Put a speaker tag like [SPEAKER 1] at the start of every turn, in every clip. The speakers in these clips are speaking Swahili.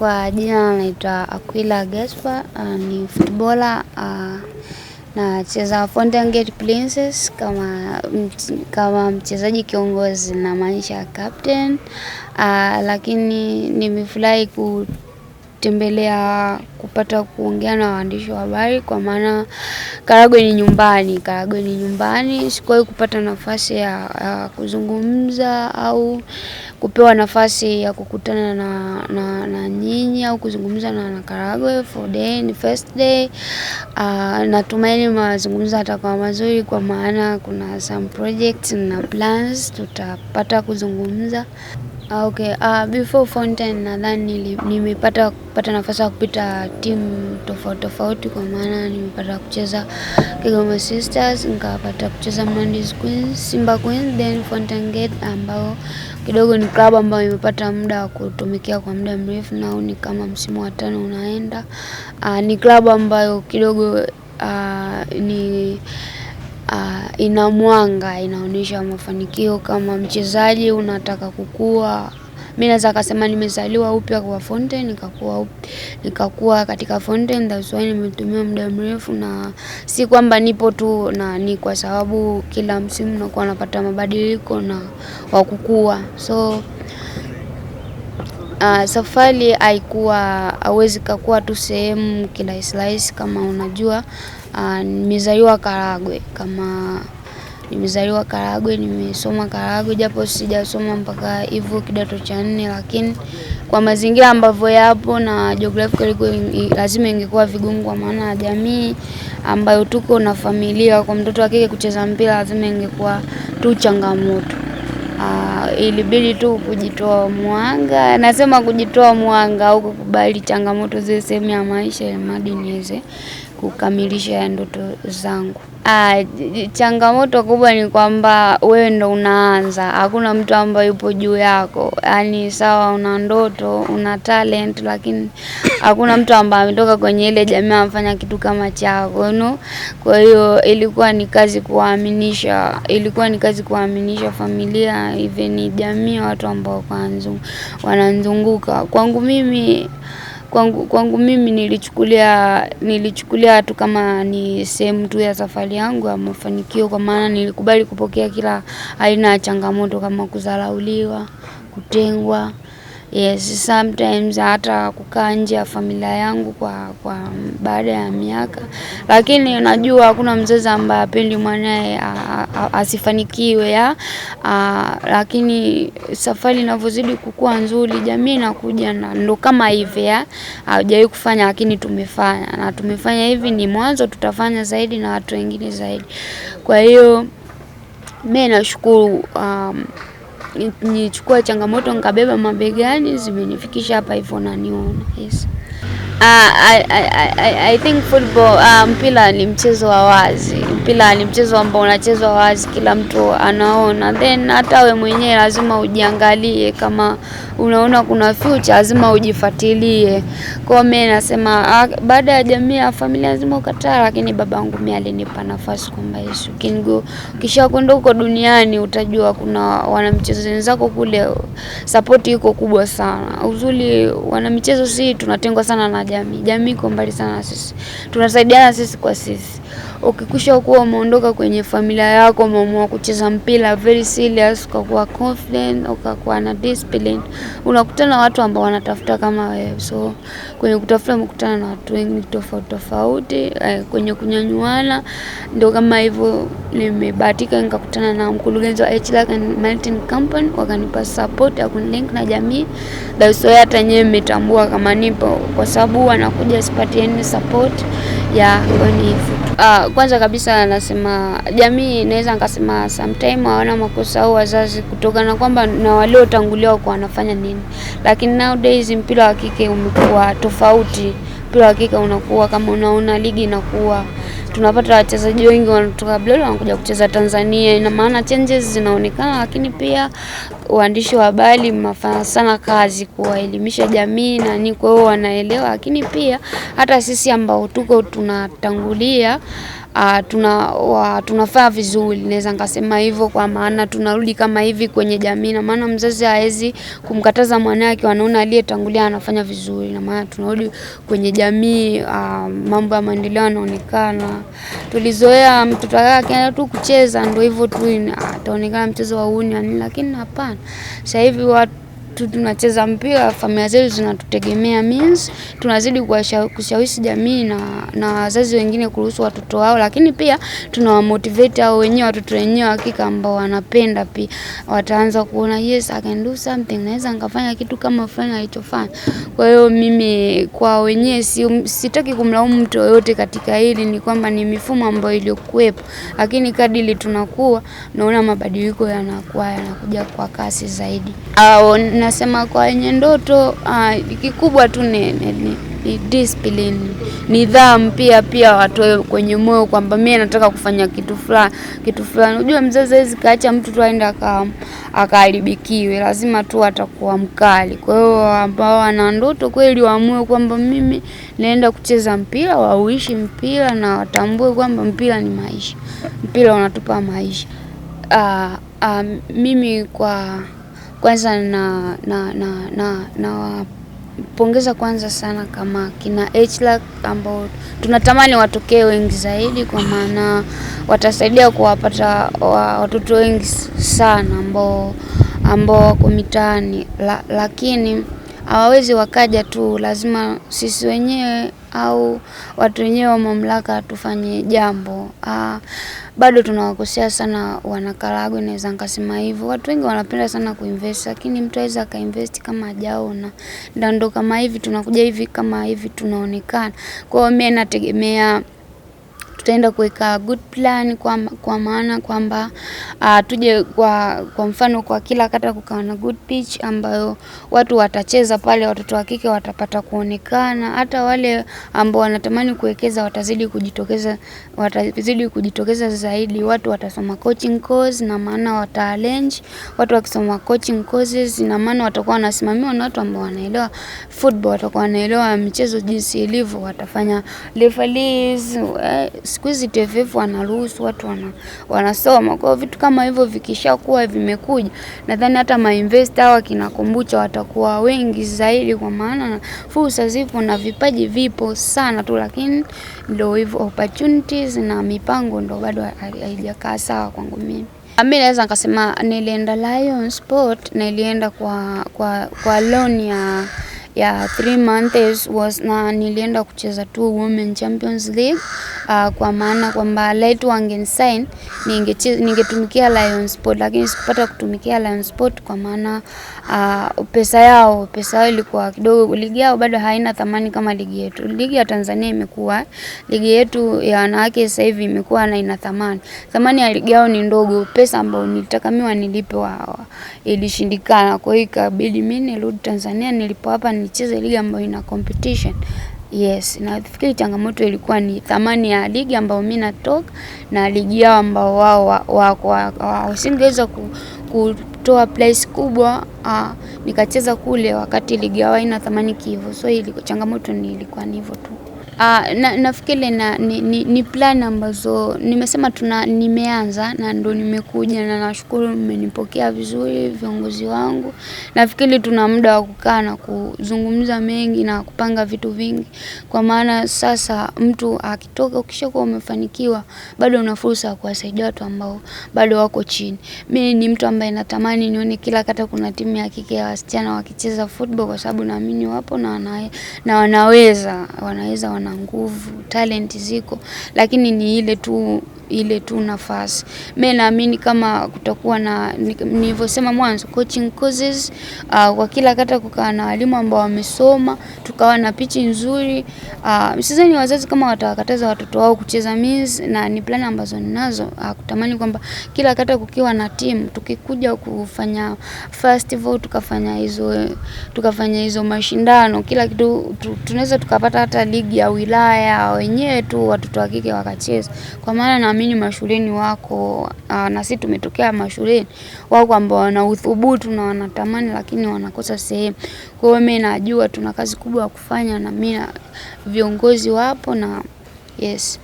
[SPEAKER 1] Kwa jina naitwa Aquila Gaspar, ah, ni footballer ah, nacheza Fountain Gate Princess kama, kama mchezaji kiongozi, namaanisha captain, ah, lakini nimefurahi ku kutembelea kupata kuongea na waandishi wa habari kwa maana Karagwe ni nyumbani. Karagwe ni nyumbani, sikuwahi kupata nafasi ya, ya kuzungumza au kupewa nafasi ya kukutana na, na, na nyinyi au kuzungumza na Wanakaragwe for day ni first day. Uh, natumaini mazungumzo yatakuwa mazuri kwa maana kuna some projects na plans tutapata kuzungumza. Ah, okay. Ah, before Fountain nadhani nili- nimepata kupata nafasi ya kupita timu tofauti tofauti, kwa maana nimepata kucheza Kigoma Sisters, nikapata kucheza Mlandis Queens, Simba Queens, then Fountain Gate ambao kidogo ni klabu ambayo imepata muda wa kutumikia kwa muda mrefu, na ni kama msimu wa tano unaenda. Ah, ni klabu ambayo kidogo ah, ni ah, ina mwanga, inaonyesha mafanikio kama mchezaji unataka kukua. Mi naweza kasema nimezaliwa upya kwa Fountain, nikakuwa nikakuwa katika Fountain, that's why nimetumia muda mrefu, na si kwamba nipo tu, na ni kwa sababu kila msimu nakuwa napata mabadiliko na wa kukua so Uh, safari haikuwa hawezi kakuwa tu sehemu kilaisirahisi kama unajua Ah, nimezaliwa Karagwe, kama nimezaliwa Karagwe, nimesoma Karagwe japo sijasoma mpaka hivyo kidato cha nne, lakini kwa mazingira ambavyo yapo na ilikuwa lazima ingekuwa vigumu, kwa maana ya jamii ambayo tuko na familia. Kwa mtoto wa kike kucheza mpira lazima ingekuwa tu changamoto. Uh, ilibidi tu kujitoa mwanga, nasema kujitoa mwanga au kukubali changamoto zile, sehemu ya maisha, ya mradi niweze kukamilisha ya ndoto zangu. Ah, changamoto kubwa ni kwamba wewe ndo unaanza, hakuna mtu ambaye yupo juu yako. Yaani sawa, una ndoto, una talent, lakini hakuna mtu ambaye ametoka kwenye ile jamii amfanya kitu kama chako no. Kwa hiyo ilikuwa ni kazi kuwaaminisha, ilikuwa ni kazi kuwaaminisha familia, even jamii, watu ambao wananzunguka kwangu mimi kwangu, kwangu mimi nilichukulia nilichukulia tu kama ni sehemu tu ya safari yangu ya mafanikio, kwa maana nilikubali kupokea kila aina ya changamoto kama kudharauliwa, kutengwa. Yes, sometimes hata kukaa nje ya familia yangu kwa, kwa baada ya miaka, lakini unajua hakuna mzazi ambaye apendi mwanaye asifanikiwe ya a, lakini safari inavyozidi kukua nzuri, jamii inakuja na ndo kama hivi ya haujawahi kufanya, lakini tumefanya na tumefanya hivi, ni mwanzo, tutafanya zaidi na watu wengine zaidi. Kwa hiyo mimi nashukuru um, nichukua changamoto nikabeba mabegani, zimenifikisha hapa hivyo, naniona yes. Ah, I, think football uh, mpira ni mchezo wa wazi. Mpira ni mchezo ambao unachezwa wazi, kila mtu anaona, then hata we mwenyewe lazima ujiangalie, kama unaona kuna future lazima ujifuatilie. Kwa mimi nasema ah, baada ya jamii ya familia lazima ukataa, lakini babangu mimi alinipa nafasi kwamba Yesu kingo, ukishakwenda huko duniani utajua kuna wanamichezo wenzako kule, support iko kubwa sana. Uzuri wanamichezo si tunatengwa sana na jamii. Jamii iko mbali sana na sisi, tunasaidiana sisi kwa sisi ukikwisha kuwa umeondoka kwenye familia yako, umeamua kucheza mpira very serious, ukakuwa confident, ukakuwa na discipline, unakutana watu ambao wanatafuta kama wewe. So kwenye kutafuta mkutana na watu wengi tofauti tofauti, eh, kwenye kunyanyuana, ndio kama hivyo. Nimebahatika nikakutana na mkurugenzi wa HLAC and Martin Company, wakanipa support ya kunilink na jamii. That's why hata nyewe mmetambua kama nipo, kwa sababu wanakuja sipati any support ya yeah, hivyo Uh, kwanza kabisa nasema jamii inaweza nikasema sometime hawana makosa au wazazi, kutokana kwamba na waliotangulia kwa wanafanya nini, lakini nowadays mpira wa kike umekuwa tofauti. Mpira wa kike unakuwa kama unaona ligi inakuwa tunapata wachezaji wengi wanatoka abroad wanakuja kucheza Tanzania, ina maana changes zinaonekana, lakini pia uandishi wa habari mnafanya sana kazi kuwaelimisha jamii na nini, kwa hiyo wanaelewa, lakini pia hata sisi ambao tuko tunatangulia Uh, tuna, wa, tunafaa vizuri, naweza nikasema hivyo, kwa maana tunarudi kama hivi kwenye jamii, na maana mzazi hawezi kumkataza mwanae wanaona aliyetangulia anafanya vizuri, na maana tunarudi kwenye jamii. Uh, mambo ya maendeleo yanaonekana. Tulizoea mtoto akaenda tu kucheza, ndio hivyo tu ataonekana mchezo wa uni, lakini hapana. Save what tunacheza mpira, familia zetu zinatutegemea, means tunazidi kushawishi jamii na, na wazazi wengine kuruhusu watoto wao, lakini pia tunawamotivate hao wenyewe watoto wenyewe hakika ambao wanapenda pia wataanza kuona yes I can do something, naweza nikafanya kitu kama fulani alichofanya. Kwa hiyo mimi kwa wenyewe si, sitaki kumlaumu mtu yoyote katika hili, ni kwamba ni mifumo ambayo iliyokuwepo, lakini kadili tunakuwa naona mabadiliko yanakuwa yanakuja kwa kasi zaidi. Uh, Nasema kwa ndoto uh, kikubwa tu ni, ni, ni, ni discipline, nidhamu pia pia watoe kwenye moyo kwamba mimi nataka kufanya kitu fulani kitu fulani. Unajua mzazi hawezi kaacha mtu tu aende akaharibikiwe, lazima tu atakuwa mkali. Kwa hiyo ambao wana ndoto kweli waamue kwamba mimi naenda kucheza mpira, wauishi mpira na watambue kwamba mpira ni maisha, mpira unatupa maisha. Uh, uh, mimi kwa kwanza na na na na nawapongeza kwanza sana kama kina HLAC ambao tunatamani watokee wengi zaidi, kwa maana watasaidia kuwapata watoto wengi sana ambao ambao wako mitaani la, lakini hawawezi wakaja tu, lazima sisi wenyewe au watu wenyewe wa mamlaka tufanye jambo. Aa, ah, bado tunawakosea sana Wanakaragwe, naweza nikasema hivyo. Watu wengi wanapenda sana kuinvest, lakini mtu aweza akainvest kama hajaona, ndio kama hivi tunakuja hivi kama hivi tunaonekana. Kwa hiyo mimi nategemea tutaenda kuweka good plan kwa, kwa maana kwamba uh, tuje kwa, kwa mfano kwa kila kata kukawa na good pitch ambayo watu watacheza pale, watoto wa kike watapata kuonekana, hata wale ambao wanatamani kuwekeza watazidi kujitokeza, watazidi kujitokeza zaidi. Watu watasoma coaching course na maana watalenge. watu wakisoma coaching courses, na maana watakuwa wanasimamiwa na watu ambao wanaelewa football, watakuwa wanaelewa michezo jinsi ilivyo, watafanya referees eh, siku hizi TFF wanaruhusu watu wana, wanasoma. Kwa hiyo vitu kama hivyo vikishakuwa vimekuja, nadhani hata mainvesta hawa kina Kombucha watakuwa wengi zaidi, kwa maana fursa zipo na vipaji vipo sana tu, lakini ndio hivyo opportunities na mipango ndio bado haijakaa sawa kwangu mimi. Mimi naweza nikasema nilienda Lion Sport, na nilienda kwa, kwa, kwa loan ya ya 3 months was na nilienda kucheza tu Women Champions League uh, kwa maana kwamba laiti wangensign ningetumikia Sport, lakini sikupata kutumikia Sport kwa maana uh, pesa yao pesa yao ilikuwa kidogo. Ligi yao bado haina thamani kama ligi yetu. Ligi ya Tanzania imekuwa ligi yetu ya wanawake sasa hivi imekuwa na ina thamani. Thamani ya ligi yao ni ndogo, pesa ambayo nilitakamiwa nilipe wao ilishindikana, kwa hiyo ikabidi mimi nirudi Tanzania, nilipo hapa nicheze ligi ambayo ina competition. Yes, nafikiri changamoto ilikuwa ni thamani ya ligi ambayo mi natoka na ligi yao ambao wao wako wa, wa, wasingeweza ku, kutoa place kubwa uh, nikacheza kule wakati ligi yao haina thamani kivyo, so ili changamoto ni ilikuwa ni hivyo tu. Uh, na, nafikiri na, ni, ni, ni plan ambazo nimesema tuna nimeanza na ndo nimekuja na nashukuru mmenipokea vizuri viongozi wangu. Nafikiri tuna muda wa kukaa na kuzungumza mengi na kupanga vitu vingi, kwa maana sasa mtu akitoka, ukishakuwa umefanikiwa, bado una fursa ya kuwasaidia watu ambao bado wako chini. Mimi ni mtu ambaye natamani nione kila kata kuna timu ya kike ya wasichana wakicheza football, kwa sababu naamini wapo na, wanae, na wanaweza wanaweza wana una nguvu, talent ziko, lakini ni ile tu ile tu nafasi. Mimi naamini kama kutakuwa na nilivyosema mwanzo, coaching courses uh, kwa kila kata kukawa na walimu ambao wamesoma, tukawa na pichi nzuri uh, ah, sizani wazazi kama watawakataza watoto wao kucheza means, na ni plani ambazo ninazo uh, kutamani kwamba kila kata kukiwa na timu, tukikuja kufanya festival, tukafanya hizo tukafanya hizo mashindano, kila kitu tu, tunaweza tukapata hata ligi ya wilaya wenyewe tu watoto wa kike wakacheza, kwa maana na ninaamini mashuleni wako ah, na sisi tumetokea mashuleni, wako ambao wana udhubutu na wanatamani, lakini wanakosa sehemu. Kwa hiyo mimi najua tuna kazi kubwa ya kufanya, na mimi viongozi wapo na yes.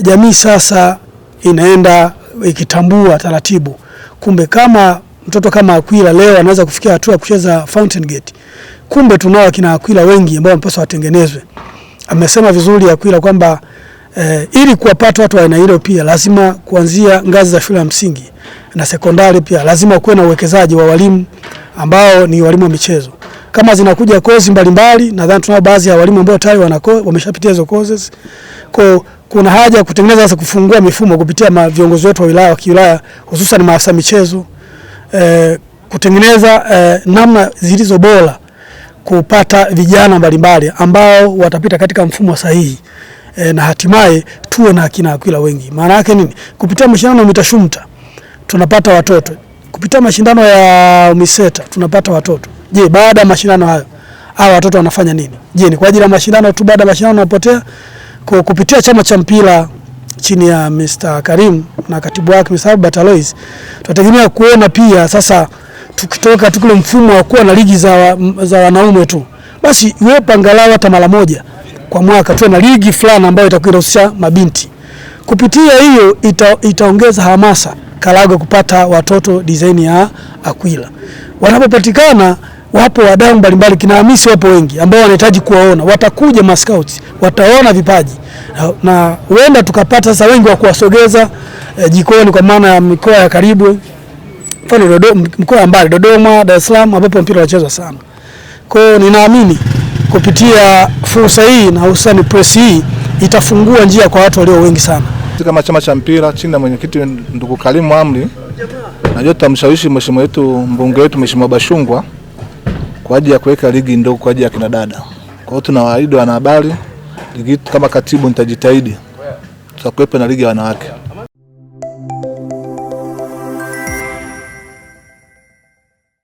[SPEAKER 2] Jamii sasa inaenda ikitambua taratibu, kumbe kama mtoto kama akwila leo anaweza kufikia hatua ya kucheza Fountain Gate, kumbe tunao akina akwila wengi ambao wanapaswa watengenezwe. Amesema vizuri akwila kwamba Eh, ili kuwapata watu wa aina hilo pia lazima kuanzia ngazi za shule ya msingi na sekondari pia lazima kuwe na uwekezaji wa walimu ambao ni walimu wa michezo. Kama zinakuja kozi mbalimbali, nadhani tunao baadhi ya walimu ambao tayari wameshapitia hizo courses. Kwa kuna haja ya kutengeneza sasa, kufungua mifumo kupitia viongozi wetu wa wilaya wa kiwilaya, hususan maafisa michezo eh, kutengeneza eh, namna zilizo bora kupata vijana mbalimbali ambao watapita katika mfumo sahihi e, na hatimaye tuwe na akina Aquila wengi. Maana yake nini? Kupitia mashindano ya mitashumta tunapata watoto, kupitia mashindano ya Umiseta tunapata watoto. Je, baada ya mashindano hayo hawa watoto wanafanya nini? Je, ni kwa ajili ya mashindano tu? Baada ya mashindano wanapotea kwa kupitia chama cha mpira chini ya Mr. Karim na katibu wake Mr. Batalois, Alois, tunategemea kuona pia sasa tukitoka tukule mfumo wa kuwa na ligi za, za wanaume tu, basi iwepo angalau hata mara moja kwa mwaka, tuwe na ligi fulani ambayo itakuwa inahusisha mabinti. Kupitia hiyo ita, itaongeza hamasa Karagwe kupata watoto design ya Aquila. Wanapopatikana wapo wadau mbalimbali, kina Hamisi wapo wengi ambao wanahitaji kuwaona, watakuja maskauti, wataona vipaji na huenda tukapata sasa wengi wa kuwasogeza eh, jikoni, kwa maana ya mikoa ya karibu, mfano mkoa mbali, Dodoma, Dar es Salaam, ambapo mpira unachezwa sana. Kwa hiyo ninaamini kupitia fursa hii na hususani press hii itafungua njia kwa watu walio wengi sana.
[SPEAKER 3] Kama chama cha mpira chini ya mwenyekiti ndugu Karimu Amri, najua tutamshawishi mheshimiwa wetu mbunge wetu mheshimiwa Bashungwa kwa ajili ya kuweka ligi ndogo kwa ajili ya kina dada. Kwa hiyo tunawaahidi wanahabari, ligi kama katibu nitajitahidi tutakuwepo na ligi ya wanawake.